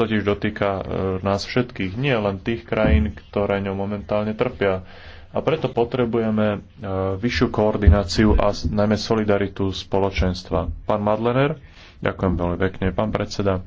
totiž dotýka e, nás všetkých, nie len tých krajín, ktoré ňom momentálne trpia. A preto potrebujeme e, vyššiu koordináciu a najmä solidaritu spoločenstva. Pán Madlener, ďakujem veľmi pekne, pán predseda.